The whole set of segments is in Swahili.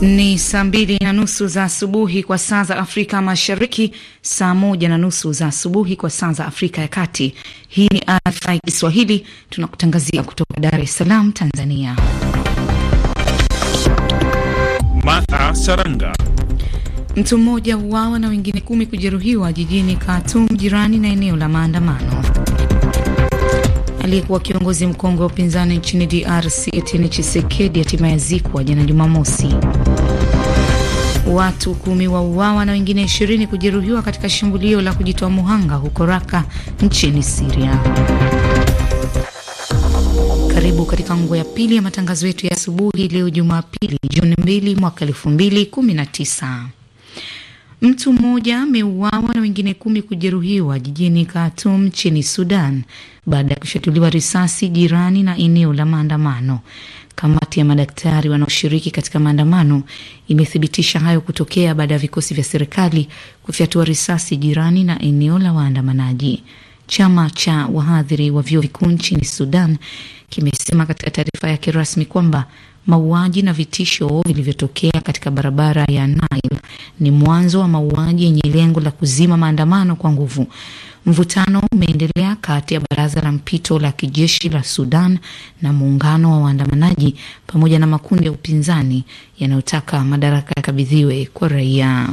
Ni saa mbili na nusu za asubuhi kwa saa za Afrika Mashariki, saa moja na nusu za asubuhi kwa saa za Afrika ya Kati. Hii ni RFI Kiswahili, tunakutangazia kutoka Dar es Salaam, Tanzania. Martha Saranga. Mtu mmoja uawa na wengine kumi kujeruhiwa jijini Khartoum, jirani na eneo la maandamano. Aliyekuwa kiongozi mkongwe wa upinzani nchini DRC Etienne Tshisekedi hatimaye zikwa jana Jumamosi. Watu kumi wauawa na wengine ishirini kujeruhiwa katika shambulio la kujitoa muhanga huko Raka nchini Siria. Karibu katika nguo ya pili ya matangazo yetu ya asubuhi leo Jumapili, Juni 2 mwaka tisa. Mtu mmoja ameuawa na wengine kumi kujeruhiwa jijini Khartoum nchini Sudan baada ya kushutuliwa risasi jirani na eneo la maandamano. Kamati ya madaktari wanaoshiriki katika maandamano imethibitisha hayo kutokea baada ya vikosi vya serikali kufyatua risasi jirani na eneo la waandamanaji. Chama cha wahadhiri wa vyuo vikuu nchini Sudan kimesema katika taarifa yake rasmi kwamba mauaji na vitisho vilivyotokea katika barabara ya Nile ni mwanzo wa mauaji yenye lengo la kuzima maandamano kwa nguvu. Mvutano umeendelea kati ya baraza la mpito la kijeshi la Sudan na muungano wa waandamanaji pamoja na makundi ya upinzani yanayotaka madaraka yakabidhiwe kwa raia.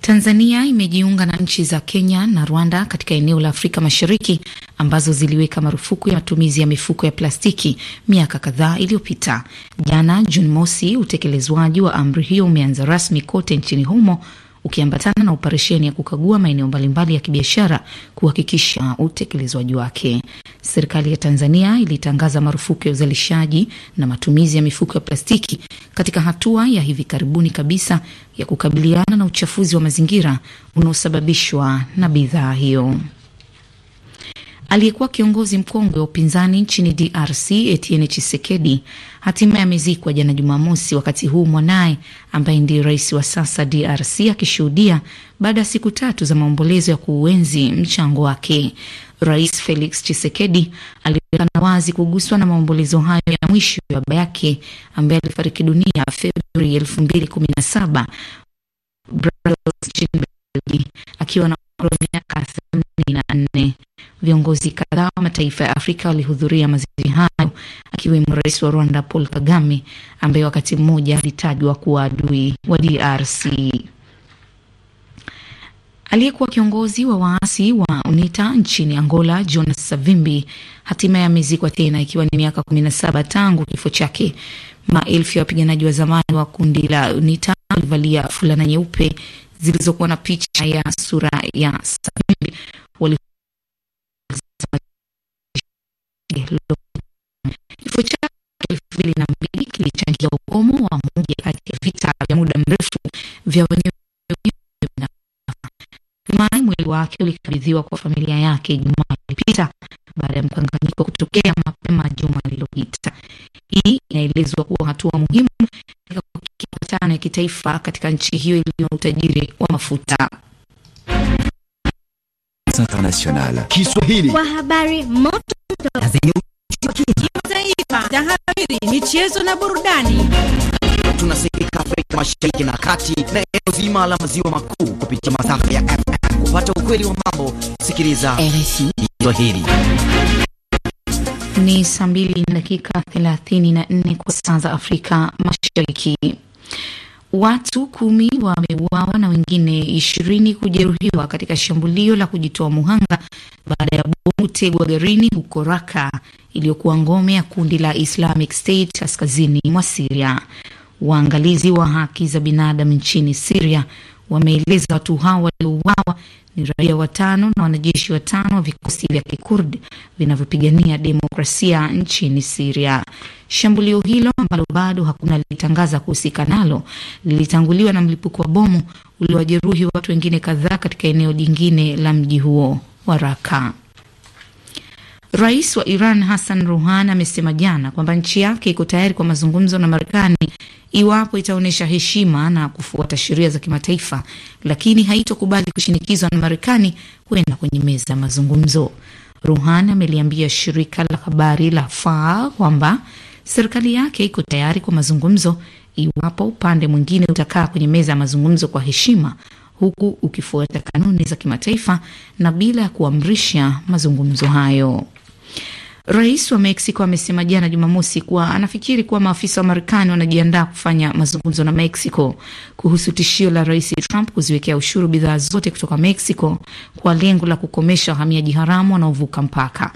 Tanzania imejiunga na nchi za Kenya na Rwanda katika eneo la Afrika Mashariki ambazo ziliweka marufuku ya matumizi ya mifuko ya plastiki miaka kadhaa iliyopita. Jana Juni mosi, utekelezwaji wa amri hiyo umeanza rasmi kote nchini humo ukiambatana na operesheni ya kukagua maeneo mbalimbali ya kibiashara kuhakikisha utekelezwaji wake. Serikali ya Tanzania ilitangaza marufuku ya uzalishaji na matumizi ya mifuko ya plastiki katika hatua ya hivi karibuni kabisa ya kukabiliana na uchafuzi wa mazingira unaosababishwa na bidhaa hiyo. Aliyekuwa kiongozi mkongwe wa upinzani nchini DRC Etienne chisekedi hatimaye amezikwa jana Jumamosi, wakati huu mwanaye ambaye ndiye rais wa sasa DRC akishuhudia baada ya siku tatu za maombolezo ya kuuenzi mchango wake. Rais Felix Tshisekedi alionekana wazi kuguswa na maombolezo hayo ya mwisho ya baba yake ambaye alifariki dunia Februari elfu mbili kumi na saba akiwa na umri wa miaka themanini na nne. Viongozi kadhaa wa mataifa ya Afrika walihudhuria mazishi hayo, akiwemo rais wa Rwanda Paul Kagame ambaye wakati mmoja alitajwa kuwa adui wa DRC. Aliyekuwa kiongozi wa waasi wa UNITA nchini Angola, Jonas Savimbi, hatimaye amezikwa tena ikiwa ni miaka 17 tangu kifo chake. Maelfu ya wapiganaji wa zamani wa kundi la UNITA walivalia fulana nyeupe zilizokuwa na picha ya sura ya Savimbi. Kifo chake elfu mbili na mbili kilichangia ukomo wa moja kati ya vita vya muda mrefu vya wenyewe hatimaye mwili wake ulikabidhiwa kwa familia yake jumaa iliyopita baada ya mkanganyiko kutokea mapema juma lililopita. Hii inaelezwa kuwa hatua muhimu katika ya kitaifa katika nchi hiyo iliyo na utajiri wa mafuta. International Kiswahili kwa habari moto na zenye kimataifa, tahariri, michezo na burudani. Tunasikika Afrika Mashariki na Kati na eneo zima la maziwa makuu kupitia masafa ya FM. Kupata ukweli wa mambo, sikiliza RFI Kiswahili. Ni saa mbili na dakika 34 kwa saa za Afrika Mashariki. Watu kumi wameuawa na wengine ishirini kujeruhiwa katika shambulio la kujitoa muhanga baada ya bomu tegwa garini huko Raka iliyokuwa ngome ya kundi la Islamic State kaskazini mwa Siria. Waangalizi wa haki za binadamu nchini Siria wameeleza watu hao waliouawa ni raia watano na wanajeshi watano wa vikosi vya kikurdi vinavyopigania demokrasia nchini Siria. Shambulio hilo ambalo bado hakuna lilitangaza kuhusika nalo lilitanguliwa na mlipuko wa bomu uliowajeruhi watu wengine kadhaa katika eneo jingine la mji huo wa Raka. Rais wa Iran Hassan Rouhani amesema jana kwamba nchi yake iko tayari kwa mazungumzo na Marekani iwapo itaonyesha heshima na kufuata sheria za kimataifa, lakini haitokubali kushinikizwa na Marekani kwenda kwenye meza ya mazungumzo. ruhan ameliambia shirika la habari la Faa kwamba serikali yake iko tayari kwa mazungumzo iwapo upande mwingine utakaa kwenye meza ya mazungumzo kwa heshima, huku ukifuata kanuni za kimataifa na bila ya kuamrisha mazungumzo hayo. Rais wa Mexico amesema jana Jumamosi kuwa anafikiri kuwa maafisa wa Marekani wanajiandaa kufanya mazungumzo na Mexico kuhusu tishio la Rais Trump kuziwekea ushuru bidhaa zote kutoka Mexico kwa lengo la kukomesha wahamiaji haramu wanaovuka mpaka.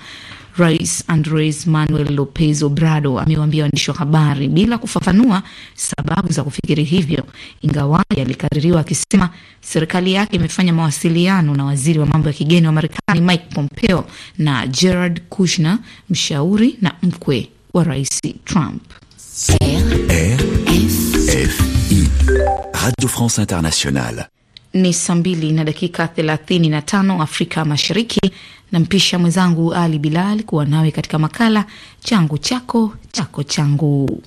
Rais Andres Manuel Lopez Obrador amewaambia waandishi wa habari bila kufafanua sababu za kufikiri hivyo, ingawaji alikaririwa akisema serikali yake imefanya mawasiliano na waziri wa mambo ya kigeni wa Marekani Mike Pompeo na Jared Kushner, mshauri na mkwe wa Rais Trump. Radio France Internationale. Ni saa mbili na dakika 35 Afrika Mashariki. Nampisha mwenzangu Ali Bilal kuwa nawe katika makala changu chako chako changu.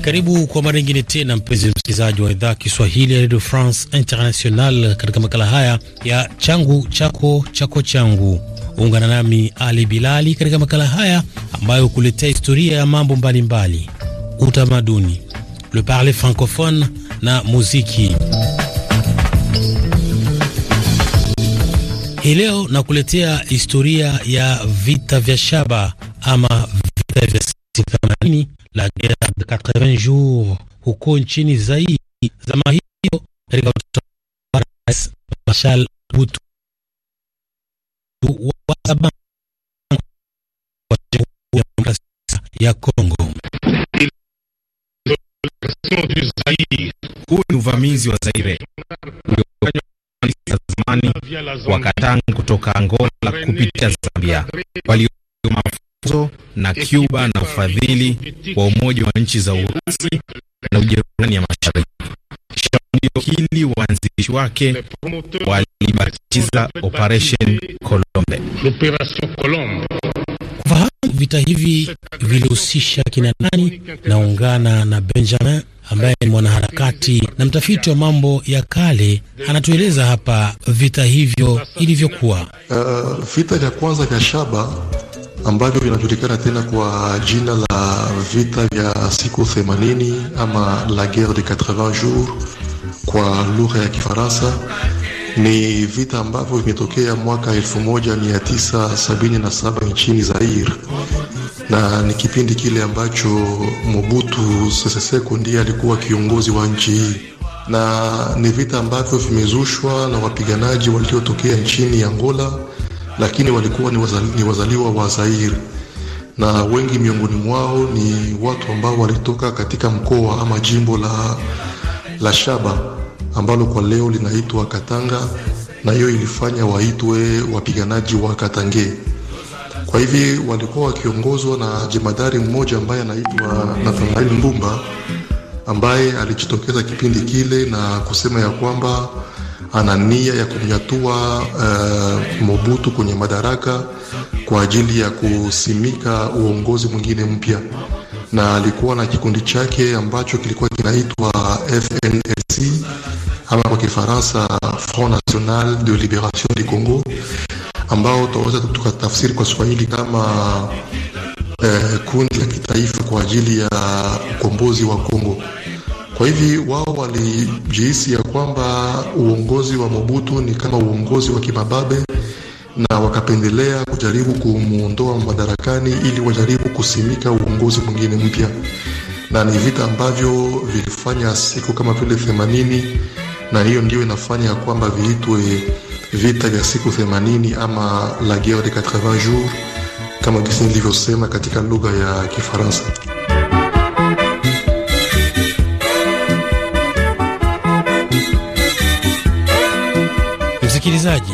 Karibu kwa mara nyingine tena, mpenzi msikilizaji wa idhaa Kiswahili ya Radio France International, katika makala haya ya changu chako chako changu. Ungana nami Ali Bilali katika makala haya ambayo kuletea historia ya mambo mbalimbali, utamaduni, le parler francophone na muziki. Hii leo nakuletea historia ya vita vya shaba ama vita vya 80 la guerre de 80 jours huko nchini Zaire. Zama hiyo katika Marshal Mobutu wa wa Jamhuri ya Demokrasia Kongo. Huu ni uvamizi wa Zaire uliofanywa zamani wa Katanga kutoka Angola kupitia Zambia, walio mafunzo na Cuba na ufadhili wa Umoja wa Nchi za Urusi na Ujerumani ya Mashariki hili waanzilishi wake walibatiza Operation Colombe. Vita hivi vilihusisha kina nani? Naungana na Benjamin ambaye ni mwanaharakati na mtafiti wa mambo ya kale, anatueleza hapa vita hivyo ilivyokuwa. Uh, vita vya kwanza vya shaba ambavyo vinajulikana tena kwa jina la vita vya siku 80 ama la guerre de 80 jours kwa lugha ya Kifaransa ni vita ambavyo vimetokea mwaka 1977 nchini Zaire, na ni kipindi kile ambacho Mobutu Sese Seko ndiye alikuwa kiongozi wa nchi hii, na ni vita ambavyo vimezushwa na wapiganaji waliotokea nchini Angola, lakini walikuwa ni, wazali, ni wazaliwa wa Zaire na wengi miongoni mwao ni watu ambao walitoka katika mkoa ama jimbo la, la Shaba ambalo kwa leo linaitwa Katanga, na hiyo ilifanya waitwe wapiganaji wa Katange. Kwa hivi walikuwa wakiongozwa na jemadari mmoja ambaye anaitwa Nathanael Mbumba ambaye alijitokeza kipindi kile na kusema ya kwamba ana nia ya kumnyatua uh, Mobutu kwenye madaraka kwa ajili ya kusimika uongozi mwingine mpya, na alikuwa na kikundi chake ambacho kilikuwa kinaitwa FNL Kifaransa Front National de Liberation du Congo, ambao tunaweza tukatafsiri kwa Swahili kama eh, kundi la kitaifa kwa ajili ya ukombozi wa Kongo. Kwa hivi wao walijihisi ya kwamba uongozi wa Mobutu ni kama uongozi wa kimababe na wakapendelea kujaribu kumuondoa madarakani ili wajaribu kusimika uongozi mwingine mpya, na ni vita ambavyo vilifanya siku kama vile themanini na hiyo ndio inafanya kwamba viitwe vita vya siku 80 ama la guerre de 80 jours kama jinsi nilivyosema katika lugha ya Kifaransa. Msikilizaji,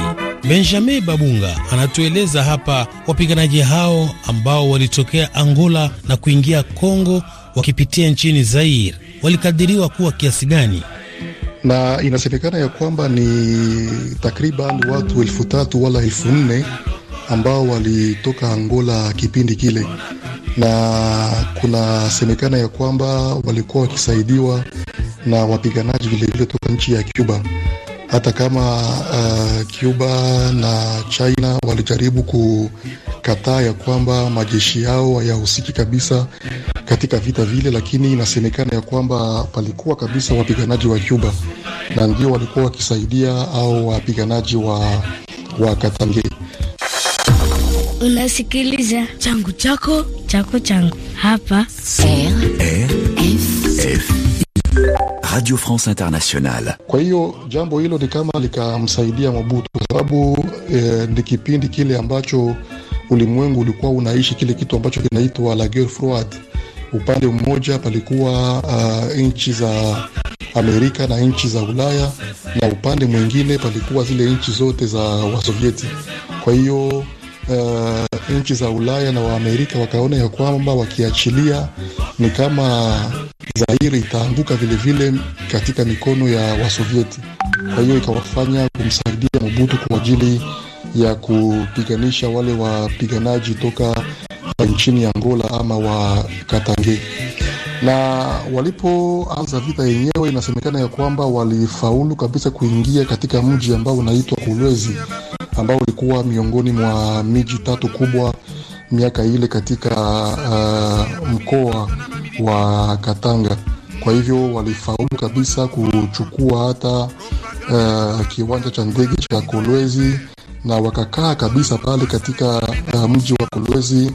Benjamin Babunga anatueleza hapa wapiganaji hao ambao walitokea Angola na kuingia Kongo wakipitia nchini Zaire walikadiriwa kuwa kiasi gani? na inasemekana ya kwamba ni takriban watu elfu tatu wala elfu nne ambao walitoka Angola kipindi kile, na kunasemekana ya kwamba walikuwa wakisaidiwa na wapiganaji vilevile toka nchi ya Cuba, hata kama uh, Cuba na China walijaribu ku kataa ya kwamba majeshi yao hayahusiki kabisa katika vita vile, lakini inasemekana ya kwamba palikuwa kabisa wapiganaji wa Cuba na ndio walikuwa wakisaidia au wapiganaji wa, wa Katange. Unasikiliza changu chako chako changu hapa Radio France Internationale. Kwa hiyo jambo hilo ni kama likamsaidia Mobutu kwa sababu eh, ni kipindi kile ambacho ulimwengu ulikuwa unaishi kile kitu ambacho kinaitwa la guerre froide. Upande mmoja palikuwa uh, nchi za Amerika na nchi za Ulaya, na upande mwingine palikuwa zile nchi zote za Wasovieti. Kwa hiyo uh, nchi za Ulaya na Waamerika wakaona ya kwamba wakiachilia ni kama Zairi itaanguka vilevile katika mikono ya Wasovieti. Kwa hiyo ikawafanya kumsaidia Mobutu kwa ajili ya kupiganisha wale wapiganaji toka nchini Angola ama wa Katange, na walipoanza vita yenyewe, inasemekana ya kwamba walifaulu kabisa kuingia katika mji ambao unaitwa Kolwezi ambao ulikuwa miongoni mwa miji tatu kubwa miaka ile katika uh, mkoa wa Katanga. Kwa hivyo walifaulu kabisa kuchukua hata uh, kiwanja cha ndege cha Kolwezi na wakakaa kabisa pale katika uh, mji wa Kolwezi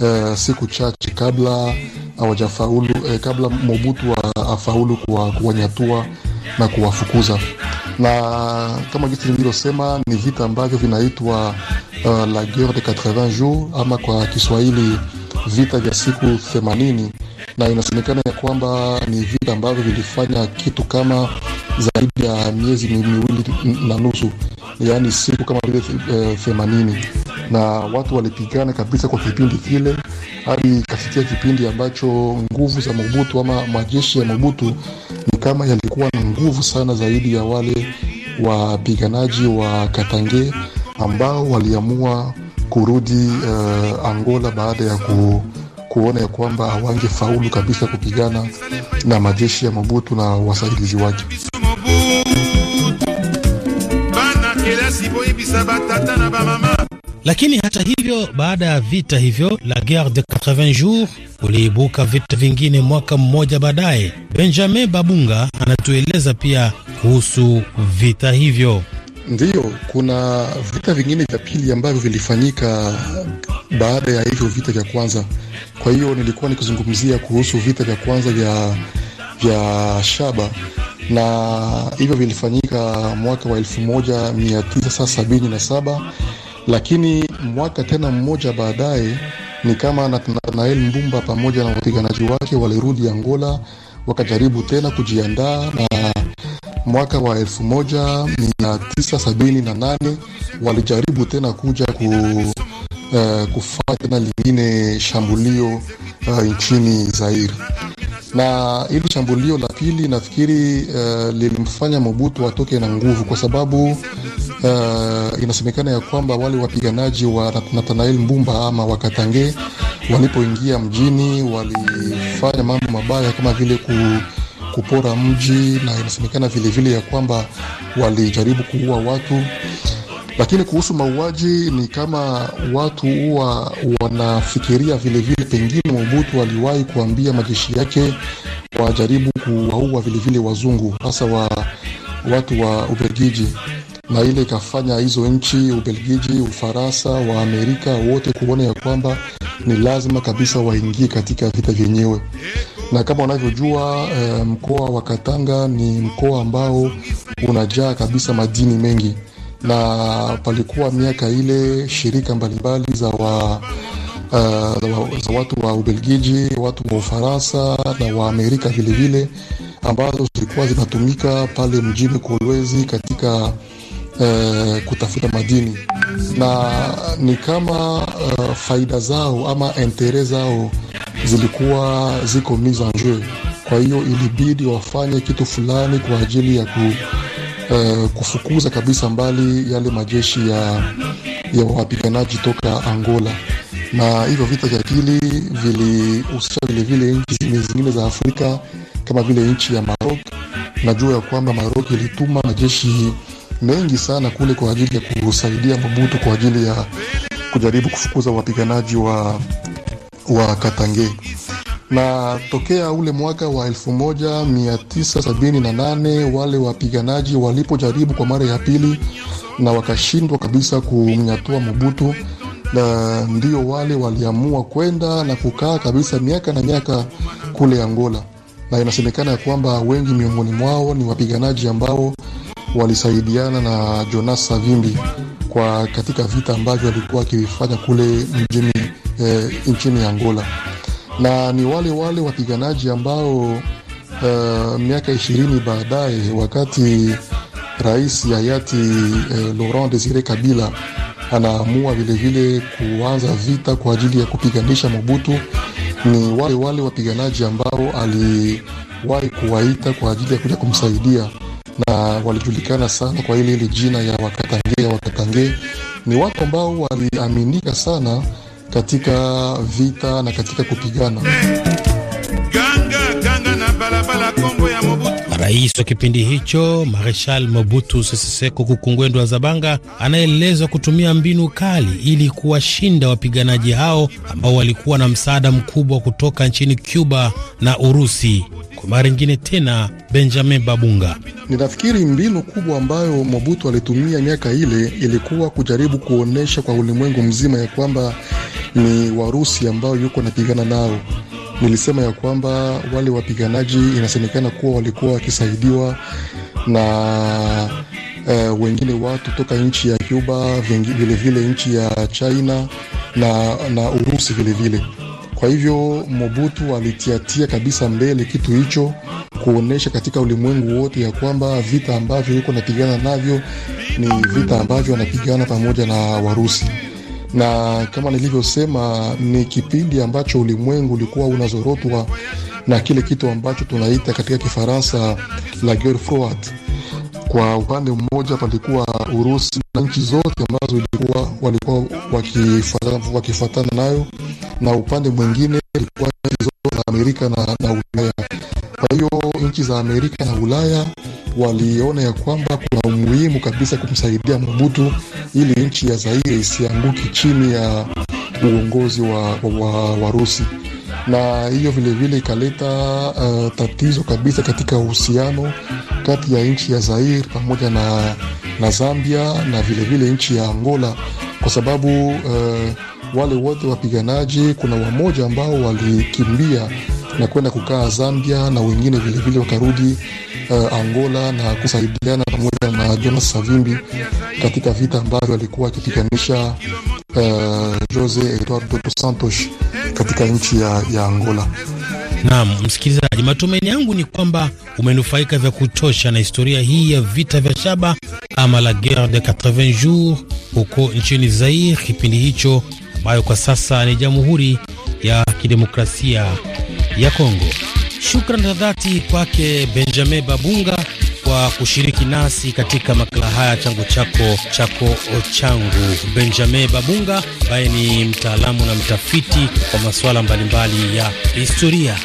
uh, siku chache kabla hawajafaulu uh, kabla Mobutu afaulu kuwa, kuwanyatua na kuwafukuza. Na kama jinsi nilivyosema, ni vita ambavyo vinaitwa uh, la guerre de 80 jours ama kwa Kiswahili vita vya siku 80, na inasemekana ya kwamba ni vita ambavyo vilifanya kitu kama zaidi ya miezi miwili na nusu yaani siku kama vile eh, themanini na watu walipigana kabisa kwa kipindi kile hadi ikafikia kipindi ambacho nguvu za Mobutu ama majeshi ya Mobutu ni kama yalikuwa na nguvu sana zaidi ya wale wapiganaji wa Katange ambao waliamua kurudi uh, Angola baada ya ku, kuona ya kwamba faulu kabisa kupigana na majeshi ya Mobutu na wasaidizi wake. kabisa batata na bamama. Lakini hata hivyo, baada ya vita hivyo la guerre de 80 jours kuliibuka vita vingine mwaka mmoja baadaye. Benjamin Babunga anatueleza pia kuhusu vita hivyo. Ndiyo, kuna vita vingine vya pili ambavyo vilifanyika baada ya hivyo vita vya kwanza. Kwa hiyo nilikuwa nikizungumzia kuhusu vita vya kwanza vya vya shaba na hivyo vilifanyika mwaka wa 1977 lakini mwaka tena mmoja baadaye ni kama Nathanael Mbumba pamoja na wapiganaji wake walirudi Angola wakajaribu tena kujiandaa na mwaka wa 1978 walijaribu tena kuja ku, uh, kufanya tena lingine shambulio uh, nchini Zaire na hili shambulio la pili nafikiri uh, lilimfanya Mobutu atoke na nguvu, kwa sababu uh, inasemekana ya kwamba wale wapiganaji wa Nathanael Mbumba ama Wakatange walipoingia mjini walifanya mambo mabaya kama vile ku, kupora mji na inasemekana vilevile ya kwamba walijaribu kuua watu. Lakini kuhusu mauaji, ni kama watu huwa wanafikiria vilevile, pengine Mobutu aliwahi kuambia majeshi yake wajaribu kuwaua vilevile wazungu, hasa wa watu wa Ubelgiji, na ile ikafanya hizo nchi Ubelgiji, Ufaransa, wa Amerika wote kuona ya kwamba ni lazima kabisa waingie katika vita vyenyewe na kama unavyojua eh, mkoa wa Katanga ni mkoa ambao unajaa kabisa madini mengi na palikuwa miaka ile shirika mbalimbali za wa Uh, za watu wa Ubelgiji, watu wa Ufaransa na wa Amerika vilevile ambazo zilikuwa zinatumika pale mjini Kolwezi katika uh, kutafuta madini na ni kama uh, faida zao ama intere zao zilikuwa ziko mise en jeu. Kwa hiyo ilibidi wafanye kitu fulani kwa ajili ya ku Eh, kufukuza kabisa mbali yale majeshi ya, ya wapiganaji toka Angola na hivyo vita vya pili vilihusisha vilevile nchi zingine za Afrika kama vile nchi ya Marok. Najua ya kwamba Marok ilituma majeshi mengi sana kule kwa ajili ya kusaidia mabutu kwa ajili ya kujaribu kufukuza wapiganaji wa, wa Katange na tokea ule mwaka wa 1978 wale wapiganaji walipojaribu kwa mara ya pili na wakashindwa kabisa kumnyatua Mobutu, na ndio wale waliamua kwenda na kukaa kabisa miaka na miaka kule Angola, na inasemekana ya kwamba wengi miongoni mwao ni wapiganaji ambao walisaidiana na Jonas Savimbi kwa katika vita ambavyo alikuwa akivifanya kule mjini, eh, nchini Angola na ni wale wale wapiganaji ambao uh, miaka ishirini baadaye wakati rais hayati uh, Laurent Desire Kabila anaamua vilevile kuanza vita kwa ajili ya kupiganisha Mobutu, ni wale wale wapiganaji ambao aliwahi kuwaita kwa ajili ya kuja kumsaidia na walijulikana sana kwa ile ile jina ya Wakatange. Wakatange ni watu ambao waliaminika sana katika vita na katika kupigana ganga ganga na balabala kombo Rais wa kipindi hicho Mareshal Mobutu Sese Seko Kukungwendwa Zabanga anaelezwa kutumia mbinu kali ili kuwashinda wapiganaji hao ambao walikuwa na msaada mkubwa kutoka nchini Cuba na Urusi. Kwa mara nyingine tena, Benjamin Babunga: ninafikiri mbinu kubwa ambayo Mobutu alitumia miaka ile ilikuwa kujaribu kuonyesha kwa ulimwengu mzima ya kwamba ni Warusi ambao yuko anapigana nao nilisema ya kwamba wale wapiganaji inasemekana kuwa walikuwa wakisaidiwa na uh, wengine watu toka nchi ya Cuba, vilevile nchi ya China na, na Urusi vilevile vile. Kwa hivyo Mobutu alitiatia kabisa mbele kitu hicho kuonesha katika ulimwengu wote ya kwamba vita ambavyo yuko napigana navyo ni vita ambavyo anapigana pamoja na Warusi na kama nilivyosema, ni kipindi ambacho ulimwengu ulikuwa unazorotwa na kile kitu ambacho tunaita katika Kifaransa la guerre froide. Kwa upande mmoja palikuwa Urusi na nchi zote ambazo ilikuwa walikuwa wakifuatana wakifuatana nayo, na upande mwingine ilikuwa nchi zote za Amerika na, na Ulaya. Kwa hiyo nchi za Amerika na Ulaya waliona ya kwamba kuna umuhimu kabisa kumsaidia Mobutu ili nchi ya Zaire isianguki chini ya uongozi wa Warusi wa, wa na hiyo vilevile ikaleta uh, tatizo kabisa katika uhusiano kati ya nchi ya zair pamoja na, na Zambia na vilevile nchi ya Angola kwa sababu uh, wale wote wapiganaji kuna wamoja ambao walikimbia na kwenda kukaa Zambia na wengine vilevile wakarudi uh, Angola na kusaidiana pamoja na Jonas Savimbi katika vita ambavyo alikuwa akipiganisha uh, Jose Eduardo dos Santos katika nchi ya, ya Angola. Naam, msikilizaji, matumaini yangu ni kwamba umenufaika vya kutosha na historia hii ya vita vya shaba ama la guerre de 80 jours huko nchini Zaire, kipindi hicho ambayo kwa sasa ni Jamhuri ya Kidemokrasia ya Kongo. Shukran za dhati kwake Benjamin Babunga kwa kushiriki nasi katika makala haya changu chako chako changu. Benjamin Babunga ambaye ni mtaalamu na mtafiti kwa masuala mbalimbali ya historia.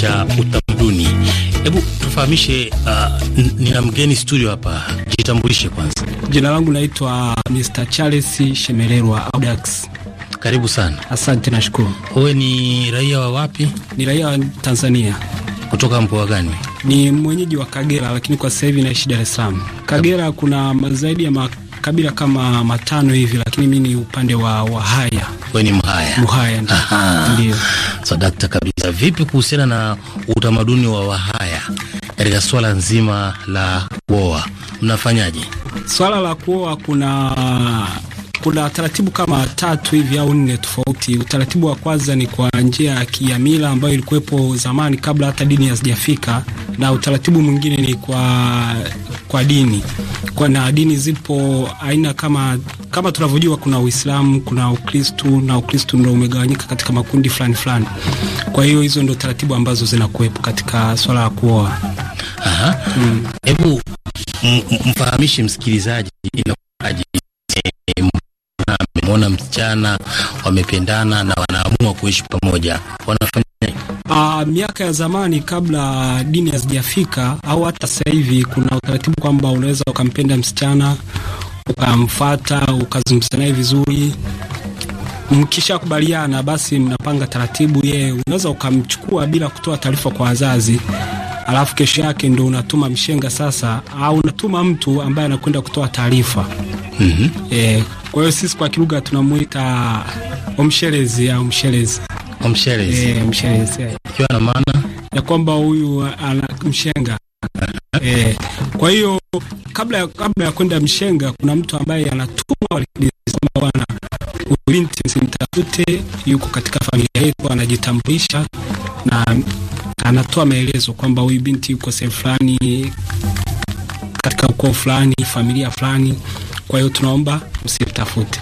cha utamaduni. Hebu tufahamishe, uh, nina mgeni studio hapa, jitambulishe kwanza. Jina langu naitwa uh, Mr. Charles Shemererwa Audax. Karibu sana. Asante, nashukuru. Wewe ni raia wa wapi? Ni raia wa Tanzania. Kutoka mkoa gani? Ni mwenyeji wa Kagera, lakini kwa sasa hivi naishi Dar es Salaam. Kagera kuna mazaidi ya makabila kama matano hivi, lakini mimi ni upande wa Wahaya. Wewe ni Mhaya? Mhaya, ndio dakta kabisa. Vipi kuhusiana na utamaduni wa Wahaya katika swala nzima la kuoa, mnafanyaje swala la kuoa? Kuna kuna taratibu kama tatu hivi au nne tofauti. Utaratibu wa kwanza ni kwa njia ya kiamila ambayo ilikuwepo zamani kabla hata dini hazijafika, na utaratibu mwingine ni kwa kwa dini kwa na dini zipo aina kama kama tunavyojua kuna Uislamu, kuna Ukristu na Ukristu ndio umegawanyika katika makundi fulani fulani. Kwa hiyo hizo ndio taratibu ambazo zinakuwepo katika swala la kuoa. Hmm. Hebu mfahamishe msikilizaji inakuwaje, msichana wamependana na wanaamua kuishi pamoja, wanafanya Uh, miaka ya zamani kabla dini hazijafika au hata sasa hivi kuna utaratibu kwamba unaweza ukampenda msichana ukamfata ukazungumza naye vizuri. Mkishakubaliana basi mnapanga taratibu. Yeye unaweza ukamchukua bila kutoa taarifa kwa wazazi, alafu kesho yake ndo unatuma mshenga sasa, au unatuma mtu ambaye anakwenda kutoa taarifa mm -hmm. E, kwa hiyo sisi kwa kilugha tunamuita omsherezi au msherezi omsherezi, e, msherezi, maana ya kwamba huyu ana mshenga Eh, kwa hiyo kabla, kabla ya kwenda Mshenga kuna mtu ambaye anatumwa bwana Ulintins nitafute, yuko katika familia yetu, anajitambulisha na anatoa maelezo kwamba huyu binti yuko sehemu fulani katika ukoo fulani familia fulani. Kwa hiyo tunaomba msimtafute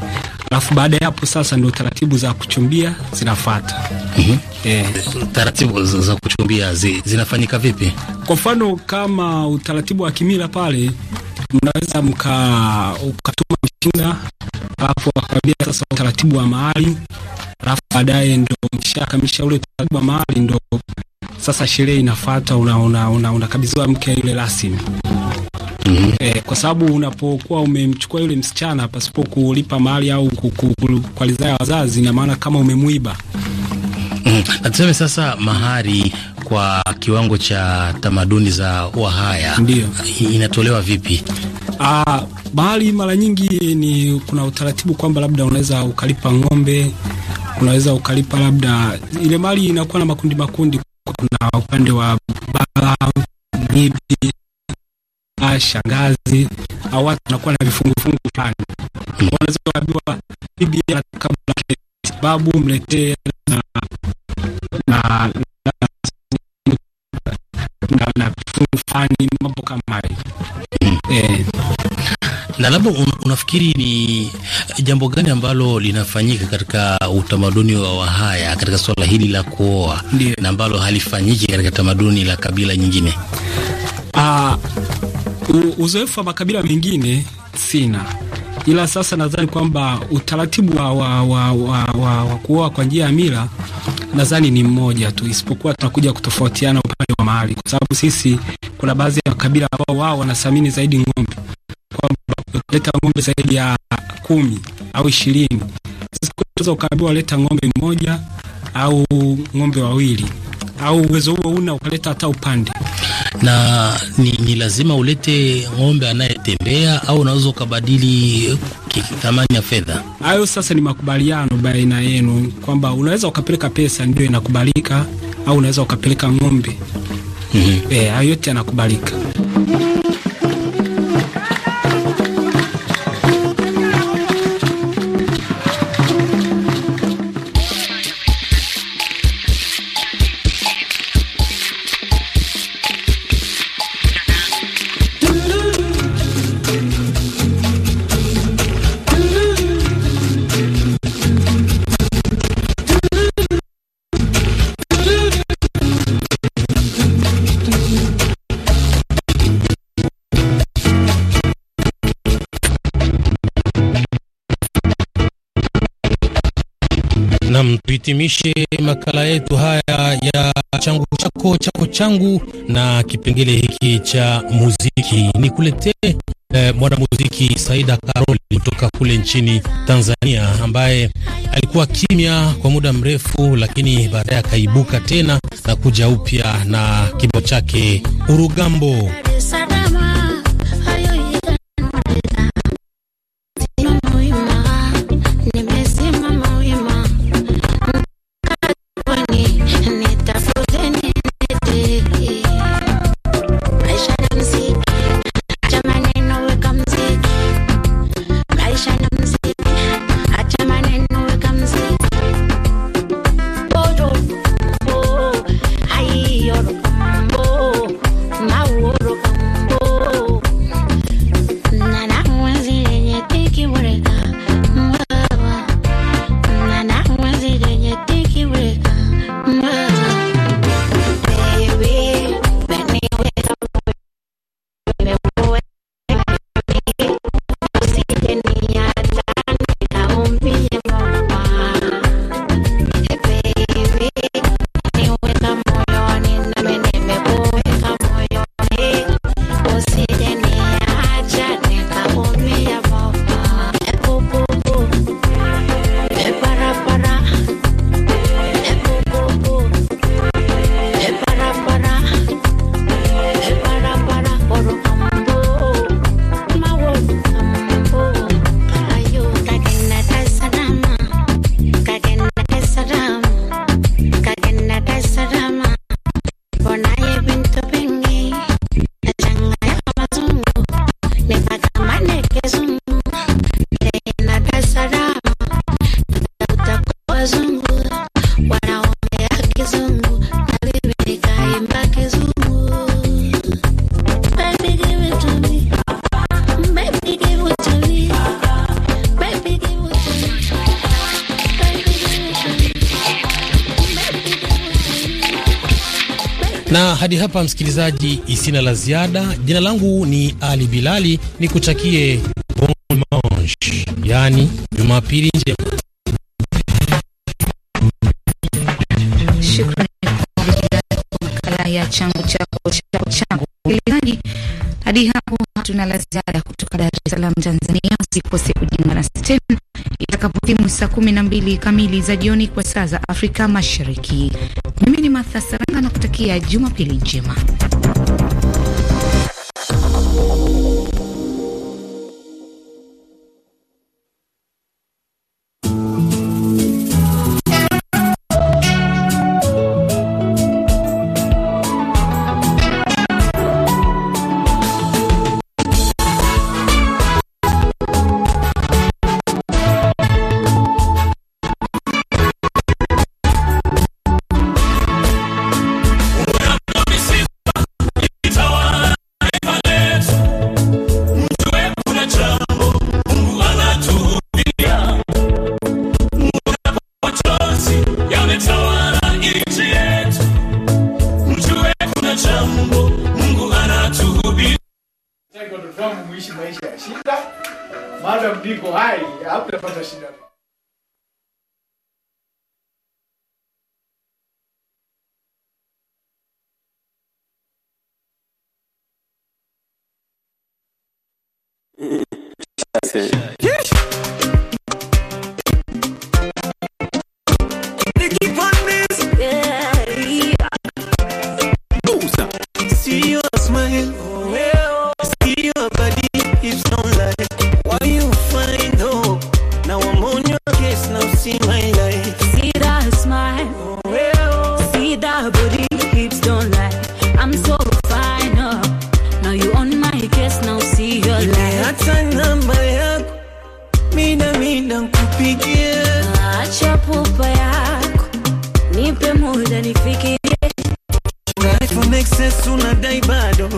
alafu baada ya hapo sasa ndio taratibu za kuchumbia zinafuata. mm -hmm. yeah. taratibu za kuchumbia zi, zinafanyika vipi? Kwa mfano kama utaratibu wa kimila pale, mnaweza mka ukatuma mshinga, alafu akwambia sasa utaratibu wa mahali, alafu baadaye ndio mshakamisha ule utaratibu wa mahali ndio sasa sherehe inafuata, unakabidhiwa una, una, una mke yule rasmi. Mm -hmm. E, kwa sababu unapokuwa umemchukua yule msichana pasipo kulipa mali au kwa ridhaa ya wazazi, na maana kama umemwiba. Mm -hmm. sasa mahari kwa kiwango cha tamaduni za Wahaya ndio inatolewa vipi? Ah, mahari mara nyingi ni kuna utaratibu kwamba labda unaweza ukalipa ng'ombe unaweza ukalipa labda ile mali inakuwa na makundi makundi kuna upande wa baba, bibi, shangazi au watu wanakuwa na vifungufungu fulani, wanaweza kuambiwa bibi anataka mlete babu, mletee na na na na, na mambo kama hayo eh. Na labda unafikiri ni jambo gani ambalo linafanyika katika utamaduni wa Wahaya katika suala hili la kuoa na ambalo halifanyiki katika tamaduni la kabila nyingine? Uh, uzoefu wa makabila mengine sina, ila sasa nadhani kwamba utaratibu wa, wa, wa, wa, wa, wa kuoa kwa njia ya mila nadhani ni mmoja tu, isipokuwa tunakuja kutofautiana upande wa mahali, kwa sababu sisi kuna baadhi ya makabila ambao wao wanathamini zaidi ng'ombe leta ng'ombe zaidi ya kumi au ishirini. Sasa unaweza ukaambiwa leta ng'ombe mmoja au ng'ombe wawili au uwezo huo una ukaleta hata upande na ni, ni lazima ulete ng'ombe anayetembea au unaweza ukabadili thamani ya fedha. Hayo sasa ni makubaliano baina yenu kwamba unaweza ukapeleka pesa ndio inakubalika, au unaweza ukapeleka ng'ombe. mm -hmm. E, hayo yote yanakubalika. tuhitimishe makala yetu haya ya changu chako chako changu na kipengele hiki cha muziki. Nikuletee eh, mwanamuziki Saida Karoli kutoka kule nchini Tanzania ambaye alikuwa kimya kwa muda mrefu, lakini baadaye akaibuka tena na kuja upya na kibao chake Urugambo. hapa msikilizaji, isina la ziada. Jina langu ni Ali Bilali, kutakie bon dimanche, yaani Jumapili njema. Shukrani kwa makala ya changu chako chako changu, hadi hapo hatuna la ziada kutoka Dar es Salaam, Tanzania. Usikose kujiunga nasi tena itakapotimu saa kumi na mbili kamili za jioni kwa saa za Afrika Mashariki. Mimi ni Martha Saranga na kutakia Jumapili njema. Jackson. unifikirie Forex unadai bado,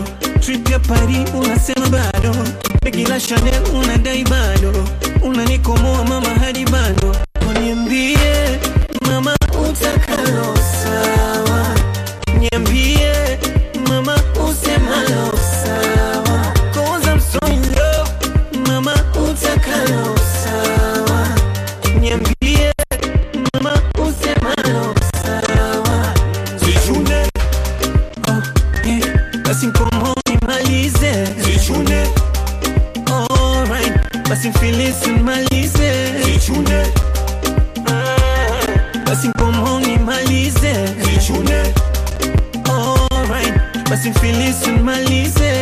trip ya Paris unasema bado, begi la Chanel unadai bado mas infeliz sem malícia.